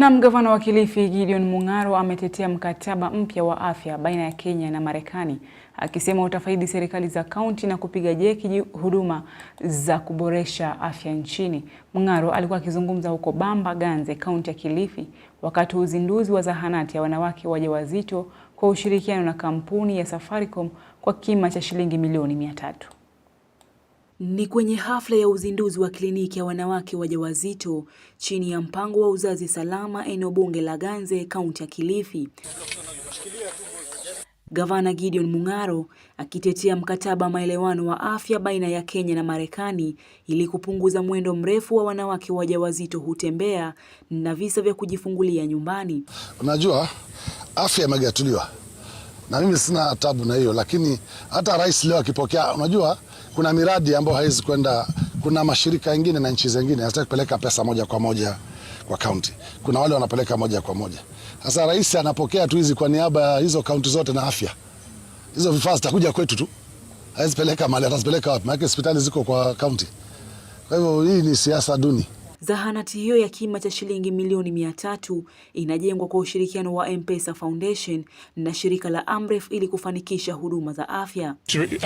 Na gavana wa Kilifi Gideon Mung'aro ametetea mkataba mpya wa afya baina ya Kenya na Marekani akisema utafaidi serikali za kaunti na kupiga jeki huduma za kuboresha afya nchini. Mung'aro alikuwa akizungumza huko Bamba Ganze, kaunti ya Kilifi wakati wa uzinduzi wa zahanati ya wanawake wajawazito kwa ushirikiano na kampuni ya Safaricom kwa kima cha shilingi milioni mia tatu. Ni kwenye hafla ya uzinduzi wa kliniki ya wanawake wajawazito chini ya mpango wa uzazi salama eneo bunge la Ganze, kaunti ya Kilifi. Gavana Gideon Mung'aro akitetea mkataba maelewano wa afya baina ya Kenya na Marekani ili kupunguza mwendo mrefu wa wanawake wajawazito hutembea na visa vya kujifungulia nyumbani. Unajua afya imegatuliwa na mimi sina tabu na hiyo, lakini hata rais leo akipokea, unajua kuna miradi ambayo haiwezi kwenda, kuna mashirika mengine na nchi zingine hata kupeleka pesa moja kwa moja kwa kaunti, kuna wale wanapeleka moja kwa moja. Sasa rais anapokea tu hizi kwa niaba ya hizo kaunti zote, na afya hizo vifaa zitakuja kwetu tu, hawezi peleka mali, atazipeleka wapi? Maana hospitali ziko kwa kaunti. Kwa hivyo hii ni siasa duni. Zahanati hiyo ya kima cha shilingi milioni mia tatu inajengwa kwa ushirikiano wa M-Pesa Foundation na shirika la Amref ili kufanikisha huduma za afya.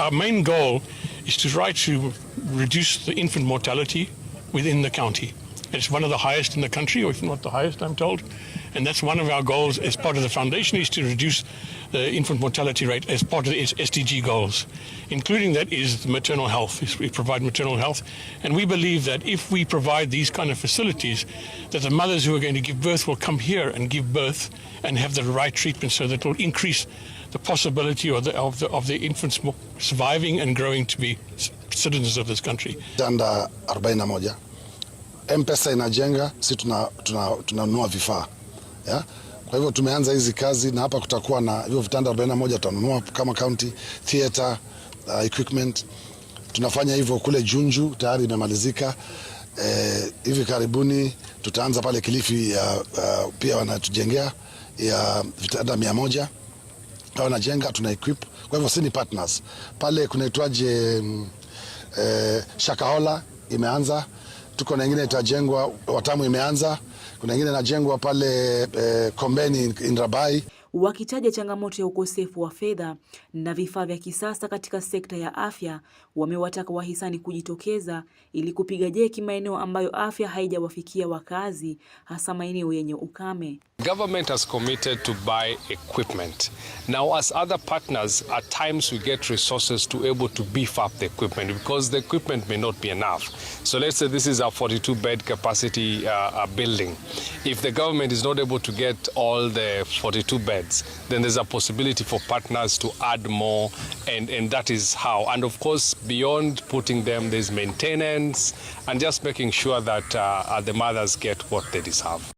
Our main goal is to try to reduce the infant mortality within the county. It's one of the highest in the country, or if not the highest, I'm told. And that's one of our goals as part of the foundation is to reduce the infant mortality rate as part of its SDG goals. Including that is maternal health. We provide maternal health. And we believe that if we provide these kind of facilities, that the mothers who are going to give birth will come here and give birth and have the right treatment so that it will increase the possibility of the, of the, of the infants surviving and growing to be citizens of this country. Mpesa inajenga, si tunanunua tuna, tuna vifaa yeah? Kwa hivyo tumeanza hizi kazi na hapa kutakuwa na hivyo vitanda 41 tutanunua kama county theater uh, equipment tunafanya hivyo kule Junju tayari imemalizika. Eh, hivi karibuni tutaanza pale Kilifi ya, ya, pia wanatujengea ya vitanda mia moja wanajenga, tuna equip. Kwa hivyo si ni partners pale kunaitwaje, e, Shakahola imeanza tuko na ingine itajengwa, Watamu imeanza, kuna ingine inajengwa pale eh, Kombeni Rabai wakitaja changamoto ya ukosefu wa fedha na vifaa vya kisasa katika sekta ya afya. Wamewataka wahisani kujitokeza ili kupiga jeki maeneo ambayo afya haijawafikia wakazi, hasa maeneo yenye ukame. Government has committed to buy equipment. Now as other partners at times we get resources to able to beef up the equipment because the equipment may not be enough. So let's say this is a 42 bed capacity uh, uh, building. If the government is not able to get all the 42 beds heads, then there's a possibility for partners to add more, and, and that is how. And of course, beyond putting them, there's maintenance and just making sure that uh, uh the mothers get what they deserve.